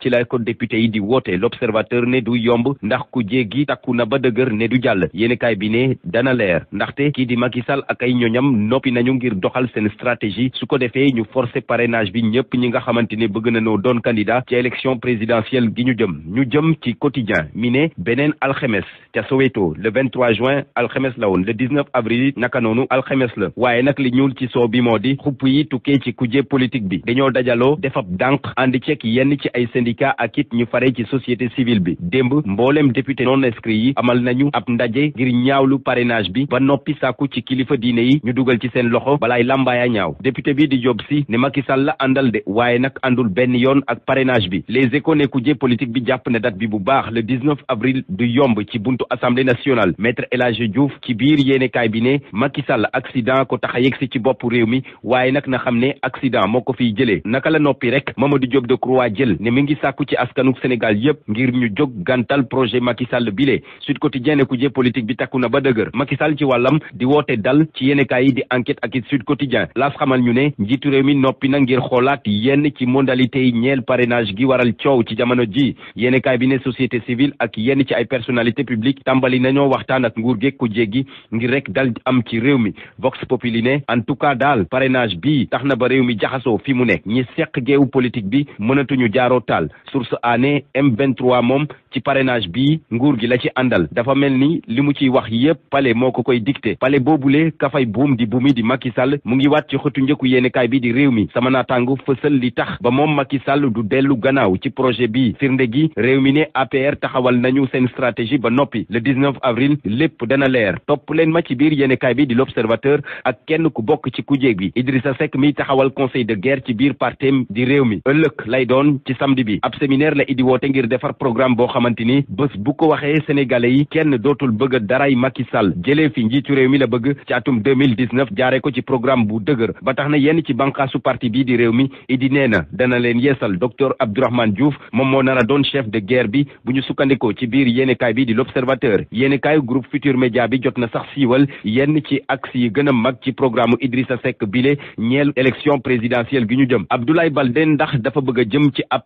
ci la ko député yi di woote l'observateur ne du yomb ndax ku jéggi takku na ba dëgër ne du jàll yéenekaay bi ne dana leer ndaxte kii di Macky Sall ak ay ñoñam noppi nañu ngir doxal seen stratégie su ko defee ñu forcer parrainage bi ñëpp ñi nga xamante ne bëgg na nañoo doon candidat ci élection présidentielle gi ñu jëm ñu jëm ci quotidien mi ne beneen alxemes ca Soweto le 23 juin alxemes la woon le 19 avril naka noonu alxemes la waaye nag li ñuul ci soo bi moo di xupp yi tukkee ci politique bi ay syndicat ak it ñu fare ci société civile bi démb mboolem député non inscrit yi amal nañu ab ndaje ngir ñaawlu parrainage bi ba noppi sàkku ci kilifa diine yi ñu dugal ci seen loxo balaay làmbaaya ñaaw député bi di job si ne Macky Sall la àndal de waaye nag àndul benn yoon ak parrainage bi les échos ne kujje politique bi jàpp na date bi bu baax le 19 avril du yomb ci buntu assemblée nationale maître El Hadji Diouf ci biir yéenekaay bi ne Macky Sall accident ko tax a yegsi ci bopp réew mi na xam ne accident moo mi ngi sàkku ci askanuk Sénégal yépp ngir ñu jóg gàntal projet Macky Sall bile Sud Quotidien ne kuje politique bi takku na ba dëgër Macky ci wàllam di woote dal ci yéenekaay yi di enquête ak it Sud Quotidien laas xamal ñu ne njiitu réew mi noppi na ngir xoolaat yenn ci modalité yi ñeel parrainage gi waral coow ci jamono ji yéenekaay bi ne société civile ak yenn ci ay personnalité publique tàmbali nañoo waxtaan ak nguur geeg ku gi ngir rek dal am ci réew mi Vox Populi ne en tout cas daal parrainage bi tax na ba mi jaxasoo fi mu ne Taal source année M23 moom ci parrainage bi nguur gi la ci àndal dafa mel ni li mu ciy wax yépp pale moo ko koy dicté pale le kafay buum di buumi di Macky Sall mu ngi waat ci xëtu njëkku yéenekaay bi di réew mi sama naataango fësal li tax ba moom Macky Sall du dellu gannaaw ci projet bi firnde gi réew mi ne APR taxawal nañu seen stratégie ba noppi le 19 avril lépp dana leer topp leen ma ci biir yéenekaay bi di l'Observateur ak kenn ku bokk ci kujéeg bi Idrissa Seck mi taxawal conseil de guerre ci biir partem di réew mi ci samedi bi ab séminaire la idi woote ngir defar programme boo xamante ni bu ko waxee sénégalais yi kenn dootul bëgg daray Macky Sall jëlee fi njiitu réew mi la bëgg ci atum jaaree ko ci programme bu dëgër ba tax na yenn ci bànqaasu parti bii di réew mi idi nee dana leen yeesal docteur Abdourahmane Diouf moom moo nar a doon chef de guerre bi bu ñu sukkandikoo ci biir yéenekaay bi di l'observateur yéenekaayu groupe Futur Média bi jot na sax siiwal yenn ci axe a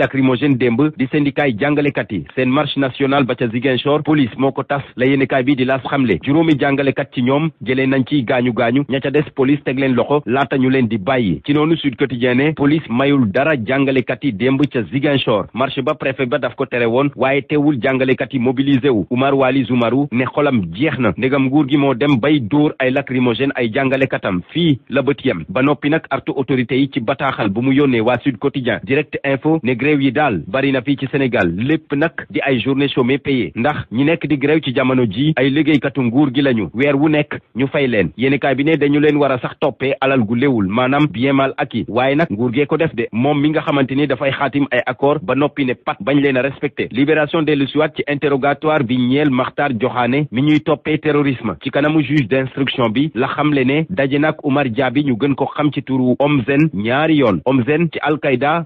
lacrymogène démb di syndicat yi jàngalekat yi seen ba ca Ziguinchor police moo tas la yéenekaay bi di laas xamle juróomi jàngalekat ci ñoom jëlee nañ ciy gaañu-gaañu ña police teg loxo laata ñu di bàyyi ci noonu Sud Quotidien ne police mayul dara jàngalekat yi démb ca Ziguinchor marche ba préfet ba daf ko tere woon waaye teewul jàngalekat yi mobilisé wu Umar Wali Zumaru ne xolam jeex na ndegam nguur gi moo dem bay dóor ay lacrymogène ay la bët yem ba noppi nag artu autorité yi ci bataaxal bu mu yónnee waa Sud Quotidien direct grève yi daal bari na fii ci Sénégal lépp nag di ay journée chômée payée ndax ñi nekk di grève ci jamono ji ay liggéeykatu nguur gi lañu weer wu nekk ñu fay leen yéenekaay bi ne dañu leen war a sax toppee alal gu léwul maanaam bien mal acquis waaye nag nguur gee ko def de moom mi nga xamante ni dafay xaatim ay accord ba noppi ne pat bañ leen a respecté libération des lusiat ci interrogatoire bi ñeel Maxtaar Joxaane mi ñuy toppee terrorisme ci kanamu juge d'instruction bi la xamle ne daje nag Oumar bi ñu gën ko xam ci turu Omzen ñaari yoon Omzen ci al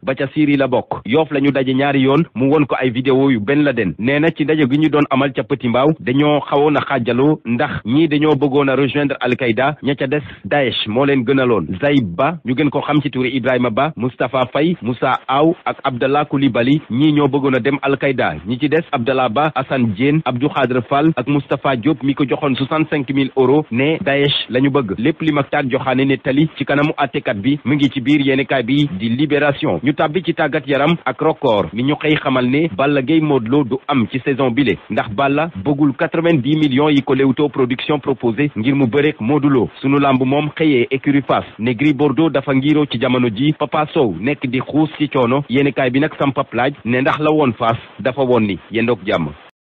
ba la bokk yoof la ñu daje ñaari yoon mu won ko ay vidéo yu benn la den nee na ci ndaje gi ñu doon amal ca Petit Mbaaw dañoo xawoon a xaajaloo ndax ñii dañoo bëggoon a rejoindre Al-Qaïda ca des Daesh moo leen gënaloon Zayib Ba ñu gën ko xam ci turi Ibrahima Ba Moustapha Faye Moussa Aw ak Abdallah Coulibaly ñii ñoo bëggoon a dem Al-Qaïda ñi ci des Abdallah Ba Assane Diène Abdou Khadre Fall ak Moustapha Diop mi ko joxoon soixante cinq mille euros ne Daesh la ñu bëgg lépp li Mactar Joxaane ne tali ci kanamu àttekat bi mu ngi ci biir yéenekaay bi di Libération ñu tàbbi ci tàggat yaram ak record mi ñu xëy xamal ne Balla Gaye Modou Lo du am ci saison bile ndax Balla bëggul quatre-vingt-dix millions yi ko Leewtoo production proposé ngir mu bëreek Modou sunu làmb moom xëyee écurie Fass ne Gris Bordeaux dafa ngiroo ci jamono ji Papa Sow nekk di xuus ci coono yéenekaay bi nag sampap laaj ne ndax la woon Fass dafa woon ni yendook jàmm